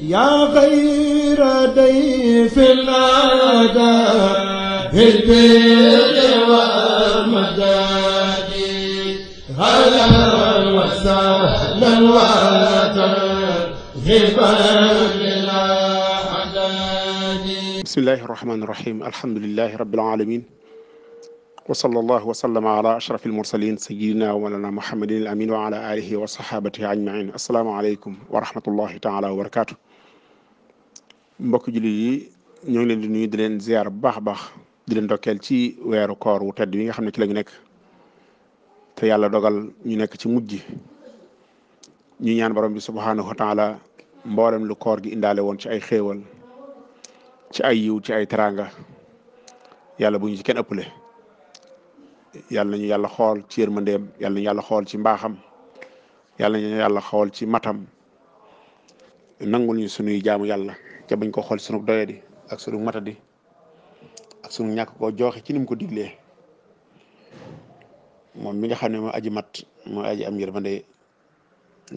يا غير ضيف الأدى بالبر والمداد هلا وسهلا وترحبا بالأعداد بسم الله الرحمن الرحيم الحمد لله رب العالمين وصلى الله وسلم على أشرف المرسلين سيدنا ومولانا محمد الأمين وعلى آله وصحابته أجمعين السلام عليكم ورحمة الله تعالى وبركاته mbokk jullit yi ñoo ngi leen di nuy di leen ziar bu baax a baax di leen dokkeel ci weeru koor wu tedd wi nga xam ne ci la ñu nekk te yàlla dogal ñu nekk ci mujj ñu ñaan borom bi subhaanahu wa taala mboolem lu koor gi indaale woon ci ay xéewal ci ay yiw ci ay teraanga yàlla bu ñu ci kenn ëppale yàlla nañu yàlla xool ci yërmandeem yàlla nañu yàlla xool ci mbaaxam yàlla nañu yàlla xool ci matam nangul ñu sunuy jaamu yàlla te bañ ko xool sunu doyadi ak sunu matadi ak sunu ñàkk koo jooxe ci ni ko diglee moom mi nga xam ne moo aji mat moo aji am yërmande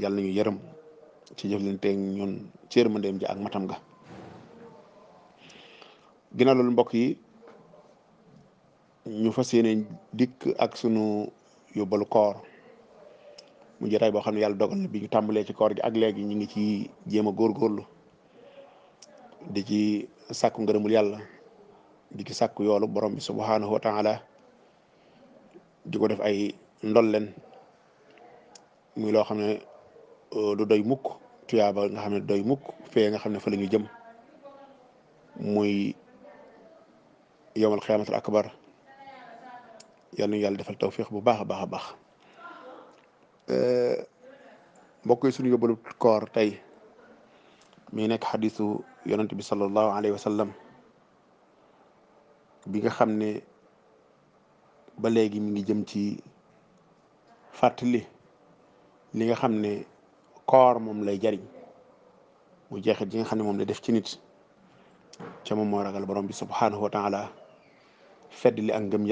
yàlla nañu yërëm ci jëflanteeg ñun ci yërmandeem ja ak matam ga ginnaaw loolu mbokk yi ñu fas yéene dikk ak sunu yóbbalu koor mu jotaay boo xam ne yàlla dogal na bi ñu tàmbalee ci koor gi ak léegi ñu ngi ci jéem a góorgóorlu di ci sàkku ngërëmul yàlla di ci sàkku yoolu borom bi subhanahu wa taala di ko def ay ndolleen muy loo xam ne euh, du doy mukk tuyaaba nga xam ne doy mukk fee nga xam ne fa la jëm muy yowmal xiyaamatul akbar yal nañu yàlla defal tawfiq bu baax a baax a baax euh, mbokk yi suñu yóbbalu koor tey mi nekk xadisu yonent bi sallallahu alayhi wa sallam bi nga xam ne ba léegi mi ngi jëm ci fàttali li nga xam ne koor moom lay jariñ mu jeexit yi nga xam ne moom lay def ci nit ca moom moo ragal borom bi subhanahu wa taala fedd li ak ngëm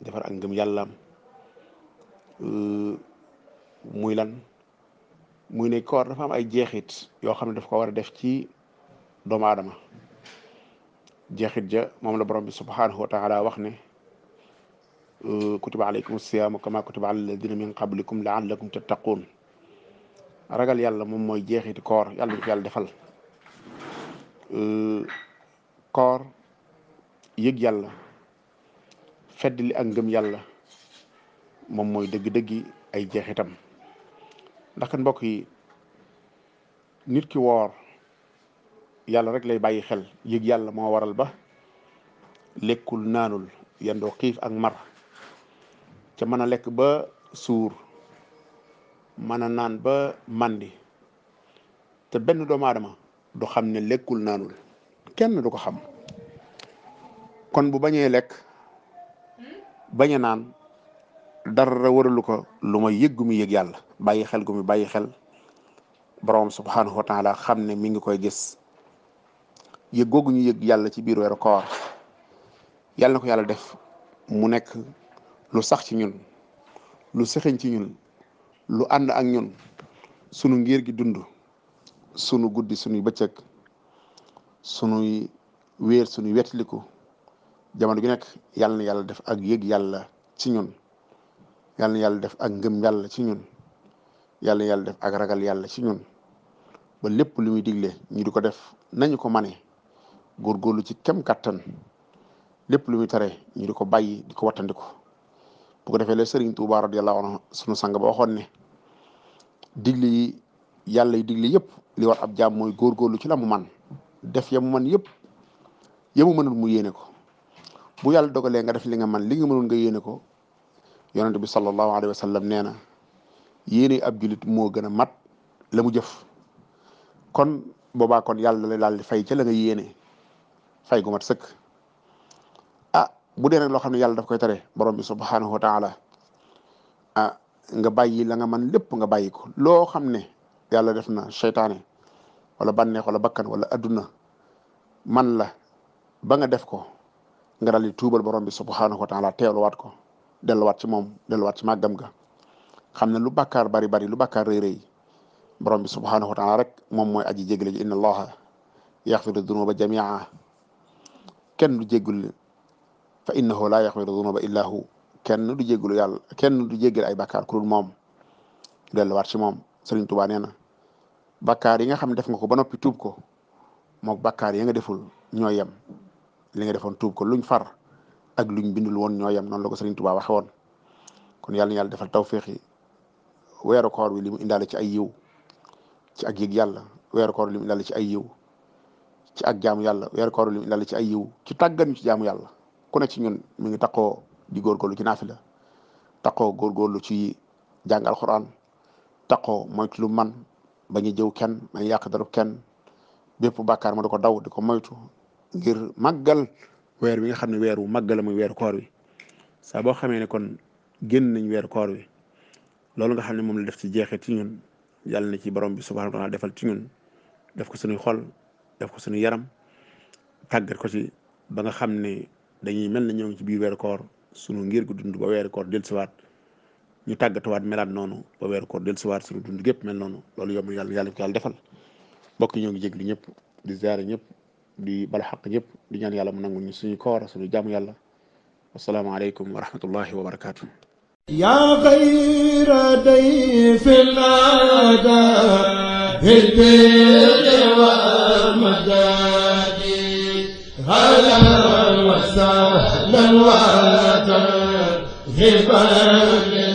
defar ak ngëm yàllaam muy lan muy ne koor dafa am ay jeexit yoo xam ne daf ko war a def ci doomu aadama jeexit ja moom la borom bi subhanahu wa taala wax ne uh, kutiba alaykum siyaamu kama kutiba ala alladina min qablikum laallakum tattaquun ragal yàlla moom mooy jeexit koor yàlla ñu ko yàlla defal uh, koor yëg yàlla fedd li ak ngëm yàlla moom mooy dëgg-dëggi ay jeexitam ndax kan mbokk yi nit ki woor yàlla rek lay bàyyi xel yëg yàlla moo waral ba lekkul naanul yendoo xiif ak mar ca mën a lekk ba suur mën a naan ba màndi te benn doomu aadama du xam ne lekkul naanul kenn du ko xam kon bu bañee lekk bañ a naan dara waralu ko lu ma yëg gu mu yëg yàlla bàyyi xel gu mu bàyyi xel boroom subhanahu wa xam ne mi ngi koy gis yëg googu ñu yëg yàlla ci biir weeru koor yàlla ko yàlla def mu nekk lu sax ci ñun lu sëxeñ ci ñun lu ànd ak ñun sunu ngir gi dund sunu guddi sunuy bëccëg sunuy wéer sunuy wettiliku jamono gi nekk yàlla na yàlla def ak yëg yàlla ci ñun yàlla na def ak ngëm yàlla ci ñun yàlla yàlla def ak ragal yàlla ci ñun ba lépp lu digle ñu di ko def nañu ko mane góorgóorlu ci kem kattan lépp lu muy tere ñu di ko bàyyi di ko wattandiku bu ko defee la Serigne Touba radiyallahu anhu sunu sang ba waxoon ne digli yi yàlla yi digli yëpp li war ab jaam mooy góorgóorlu ci la mu man def ya mu man yëpp ya mu mu yéene ko bu yàlla dogalee nga def li nga man li nga mënul nga yéene ko yonente bi sallallahu alayhi wa sallam nee na yéene ab julit moo gën a mat la mu jëf kon boobaa kon yàlla lay daal di fay ca la nga yéene fay gu sëkk ah bu dee loo xam ne yàlla daf koy tere borom bi subhanahu wa taala ah nga bàyyi la nga man lépp nga bàyyi ko loo xam ne yàlla def na seytaane wala bànneex wala bakkan wala adduna man la ba nga def ko nga daal di tuubal borom bi subhanahu wa taala teewluwaat ko delluwaat ci moom delluwaat ci màggam ga xam ne lu bàkkaar bari bari lu bàkkaar rëy rëy borom bi subhanahu wa taala rek moom mooy aji jégle ji inna allaha yaxfiru dunuba jamia kenn du jéggul leen fa innahu laa yaxfiru dunuba illa hu kenn du jéggul yàlla kenn du jéggal ay bàkkaar ku dul moom delluwaat ci moom Sëriñ Tuubaa nee na bàkkaar yi nga xam def nga ko ba noppi tuub ko mook bakaar yi nga deful ñoo yem li nga defoon tuub ko luñ far ak luñ bindul woon ñoo yem noonu la ko Sëriñ Tuubaa waxe woon kon yàlla na yàlla defal tawféex yi weeru koor wi li mu indaale ci ay yiw ci ak yëg yàlla weeru koor li mu indaale ci ay yiw ci ak jaamu yàlla weer koor li lala ci ay yiw ci tàggat ñu ci jaamu yàlla ku ne ci ñun mi ngi taqoo di góorgóorlu ci naafila taqoo lu ci jàng alxuraan taqoo moytu lu man bañu jëw kenn bañu yàq darub kenn bépp bàkkaar ma da ko daw di ko moytu ngir màggal weer wi nga xam ne weer wu màggal la muy weeru koor wi saa boo xamee ne kon génn nañ weeru koor wi loolu nga xam ne moom la def ci jeexee ci ñun yàlla na ci borom bi subhanahu wa taala defal ci ñun def ko suñuy def ko suñu yaram tàggat ko si ba nga xam ne dañuy mel na ñoo ngi ci biir weeru koor suñu ngir gu dund ba weeru koor dellusiwaat ñu waat melaat noonu ba weeru koor dellusiwaat suñu dund gépp mel noonu loolu yomb yàlla yàlla ko yàlla defal mbokk ñoo ngi jéglu ñëpp di ziare ñëpp di bala xaq ñëpp di ñaan yàlla mu nangu ñu suñu koor suñu jaamu yàlla wasalaamaaleykum wa rahmatullahi wa barakaatu. يا غير ضيف الأدى بالبر والمداد هلا وسهلا وترحبا